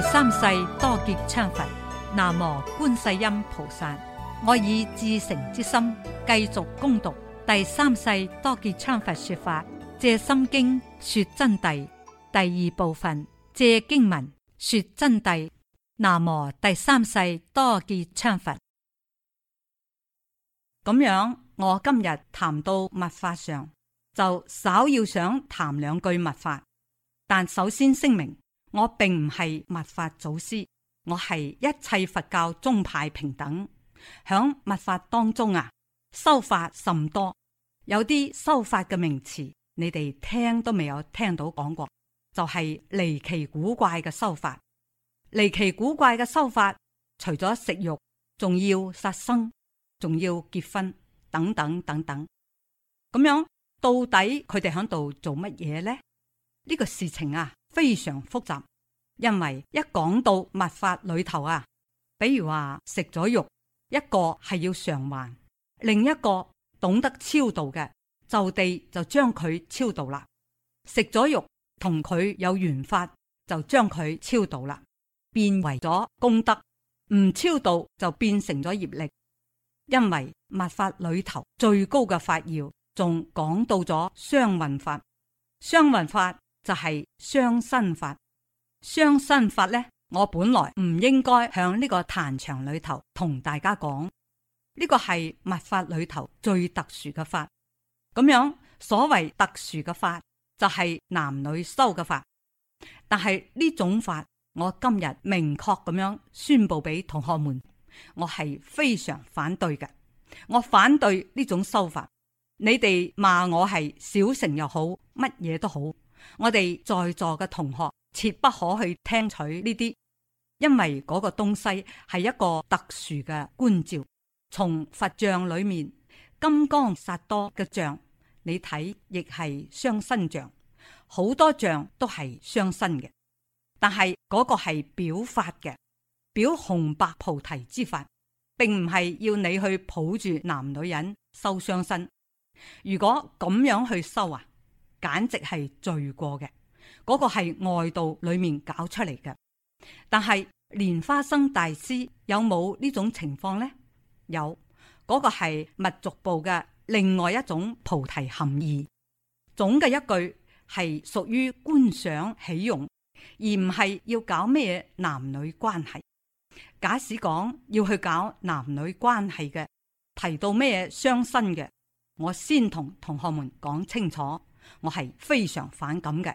第三世多杰羌佛，南無觀世音菩薩。我以至誠之心繼續恭讀第三世多杰羌佛說法，借心經說真諦第二部分，借經文說真諦。南無第三世多杰羌佛。咁樣，我今日談到密法上，就稍要想談兩句密法，但首先聲明。我並唔係密法祖師，我係一切佛教宗派平等。響密法當中啊，修法甚多，有啲修法嘅名詞，你哋聽都未有聽到講過，就係離奇古怪嘅修法。離奇古怪嘅修法，除咗食肉，仲要殺生，仲要結婚，等等等等。咁樣到底佢哋喺度做乜嘢呢？呢個事情啊！非常複雜，因為一講到密法裏頭啊，比如話食咗肉，一個係要償還，另一個懂得超度嘅就地就將佢超度啦。食咗肉同佢有緣法，就將佢超度啦，變為咗功德。唔超度就變成咗業力，因為密法裏頭最高嘅法要仲講到咗雙運法，雙運法。就係雙身法，雙身法咧，我本來唔應該向呢個壇場裏頭同大家講，呢個係密法裏頭最特殊嘅法。咁樣所謂特殊嘅法，就係男女修嘅法。但係呢種法，我今日明確咁樣宣佈俾同學們，我係非常反對嘅。我反對呢種修法，你哋罵我係小乘又好，乜嘢都好。我哋在座嘅同學，切不可去聽取呢啲，因為嗰個東西係一個特殊嘅觀照。從佛像裏面，金剛薩埵嘅像，你睇亦係雙身像，好多像都係雙身嘅，但係嗰個係表法嘅，表紅白菩提之法，並唔係要你去抱住男女人修雙身。如果咁樣去修啊，簡直係罪過嘅，嗰個係外道裏面搞出嚟嘅。但係蓮花生大師有冇呢種情況呢？有，嗰個係密續部嘅另外一種菩提含義。總嘅一句係屬於觀賞起用，而唔係要搞咩男女關係。假使講要去搞男女關係嘅，提到咩傷身嘅，我先同同學們講清楚。我係非常反感嘅。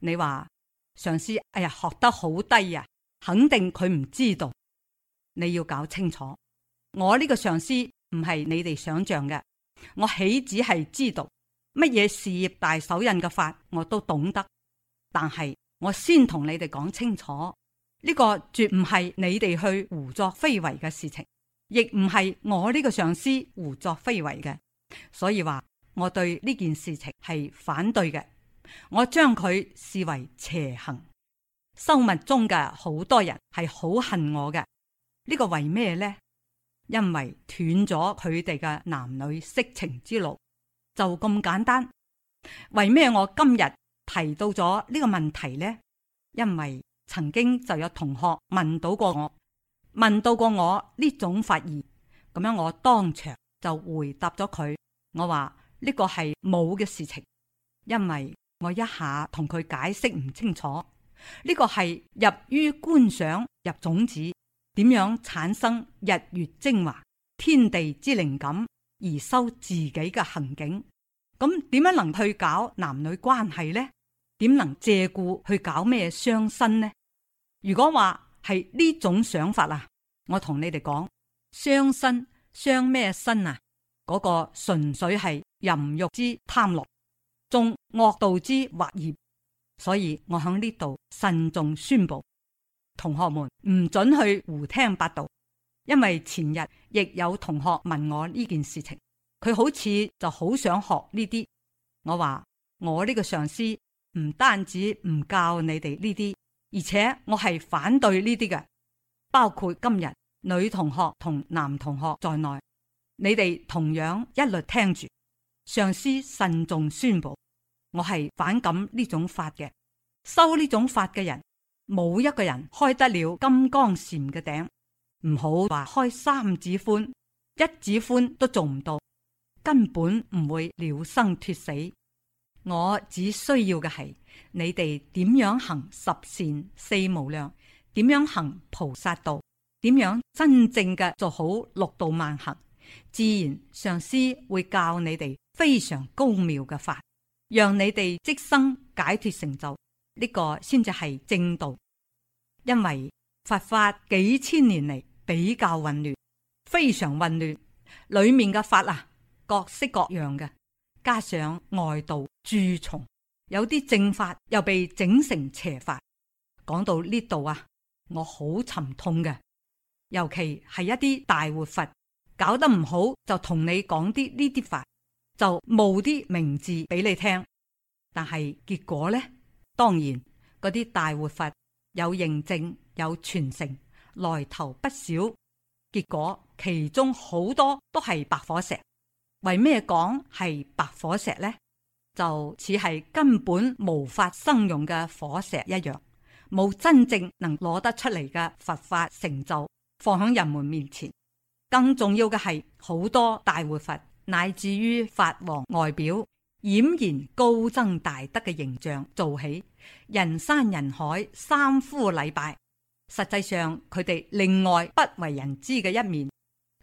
你話上司哎呀學得好低呀，肯定佢唔知道。你要搞清楚，我呢個上司唔係你哋想象嘅。我豈止係知道乜嘢事業大手印嘅法，我都懂得。但係我先同你哋講清楚，呢個絕唔係你哋去胡作非為嘅事情，亦唔係我呢個上司胡作非為嘅。所以話，我對呢件事情係反對嘅，我將佢視為邪行。生物中嘅好多人係好恨我嘅，呢個為咩呢？因為斷咗佢哋嘅男女色情之路，就咁簡單。為咩我今日提到咗呢個問題呢？因為曾經就有同學問到過我，問到過我呢種發言，咁樣我當場就回答咗佢，我話。呢個係冇嘅事情，因為我一下同佢解釋唔清楚。呢、這個係入於觀想入種子，點樣產生日月精華、天地之靈感而修自己嘅行徑。咁點樣能去搞男女關係呢？點能借故去搞咩雙身呢？如果話係呢種想法啊，我同你哋講，雙身雙咩身啊？嗰、那個純粹係。淫欲之貪樂，中惡道之惑業，所以我喺呢度慎重宣布，同學們唔准去胡聽八道，因為前日亦有同學問我呢件事情，佢好似就好想學呢啲。我話我呢個上司唔單止唔教你哋呢啲，而且我係反對呢啲嘅，包括今日女同學同男同學在內，你哋同樣一律聽住。上司慎重宣布：我係反感呢種法嘅，修呢種法嘅人，冇一個人開得了金剛禪嘅頂，唔好話開三指寬，一指寬都做唔到，根本唔會了生脫死。我只需要嘅係你哋點樣行十善四無量，點樣行菩薩道，點樣真正嘅做好六度萬行，自然上司會教你哋。非常高妙嘅法，讓你哋即生解脱成就，呢個先至係正道。因為佛法幾千年嚟比較混亂，非常混亂，裏面嘅法啊各式各樣嘅，加上外道蛀蟲，有啲正法又被整成邪法。講到呢度啊，我好沉痛嘅，尤其係一啲大活佛搞得唔好，就同你講啲呢啲法。就冇啲名字俾你聽，但係結果呢？當然嗰啲大活佛有認證有傳承，來頭不少。結果其中好多都係白火石，為咩講係白火石呢？就似係根本無法生用嘅火石一樣，冇真正能攞得出嚟嘅佛法成就放喺人們面前。更重要嘅係，好多大活佛。乃至於法王外表儼然高僧大德嘅形象做起，人山人海，三呼禮拜。實際上，佢哋另外不為人知嘅一面，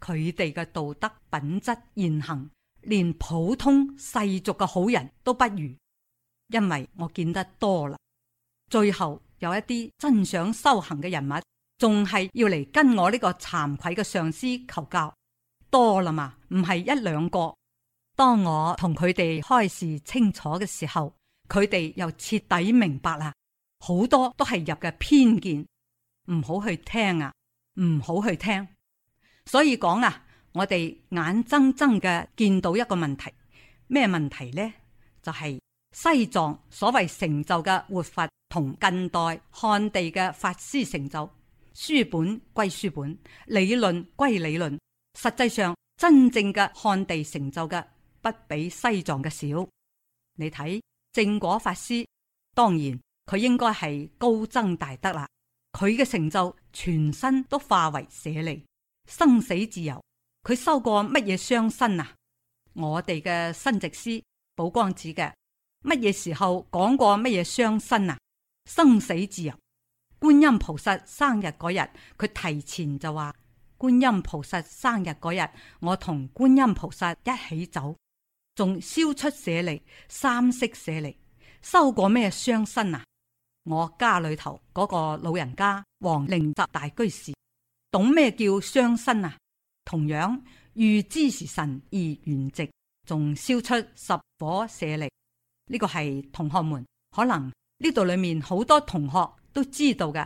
佢哋嘅道德品質現行，連普通世俗嘅好人都不如。因為我見得多啦，最後有一啲真想修行嘅人物，仲係要嚟跟我呢個慚愧嘅上司求教。多喇嘛，唔係一兩個。當我同佢哋開示清楚嘅時候，佢哋又徹底明白啦。好多都係入嘅偏見，唔好去聽啊，唔好去聽。所以講啊，我哋眼睜睜嘅見到一個問題，咩問題呢？就係、是、西藏所謂成就嘅活佛同近代漢地嘅法師成就，書本歸書本，理論歸理論。實際上，真正嘅漢地成就嘅不比西藏嘅少。你睇，正果法師，當然佢應該係高僧大德啦。佢嘅成就，全身都化為舍利，生死自由。佢修過乜嘢雙身啊？我哋嘅新值師寶光子嘅乜嘢時候講過乜嘢雙身啊？生死自由。觀音菩薩生日嗰日，佢提前就話。觀音菩薩生日嗰日，我同觀音菩薩一起走，仲燒出舍利三色舍利，收過咩雙身啊？我家裏頭嗰個老人家黃靈澤大居士，懂咩叫雙身啊？同樣預知時辰而圓寂，仲燒出十火舍利。呢、呢個係同學們可能呢度裏面好多同學都知道嘅，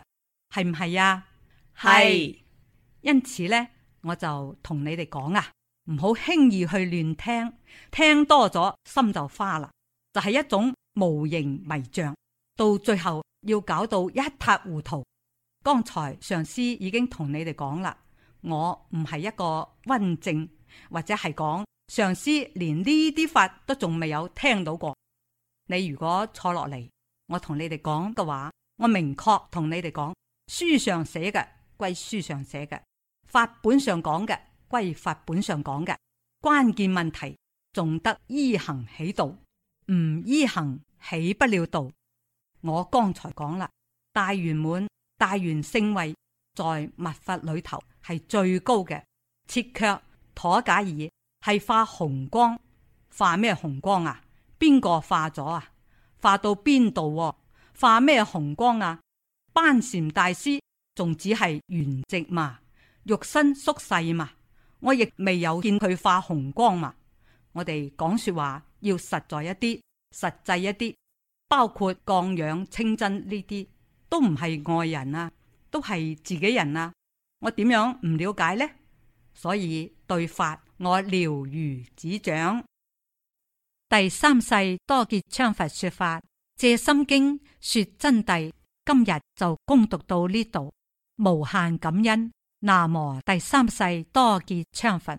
係唔係呀？係。因此咧，我就同你哋講啊，唔好輕易去亂聽，聽多咗心就花啦，就係、是、一種無形迷障，到最後要搞到一塌糊塗。剛才上師已經同你哋講啦，我唔係一個温靜，或者係講上師連呢啲法都仲未有聽到過。你如果坐落嚟，我同你哋講嘅話，我明確同你哋講，書上寫嘅歸書上寫嘅。法本上講嘅歸法本上講嘅關鍵問題，仲得依行起道，唔依行起不了道。我剛才講啦，大圓滿、大圓聖位在密法裏頭係最高嘅，切卻妥假爾係化紅光，化咩紅光啊？邊個化咗啊？化到邊度啊？化咩紅光啊？班禪大師仲只係圓寂嘛？肉身縮細嘛，我亦未有見佢化紅光嘛。我哋講說話要實在一啲，實際一啲，包括降氧、清真呢啲都唔係外人啦，啊，都係自己人啦，啊。我點樣唔了解呢？所以對法我了如指掌。第三世多杰羌佛說法借心經說真諦，今日就攻讀到呢度，無限感恩。南無第三世多杰羌佛。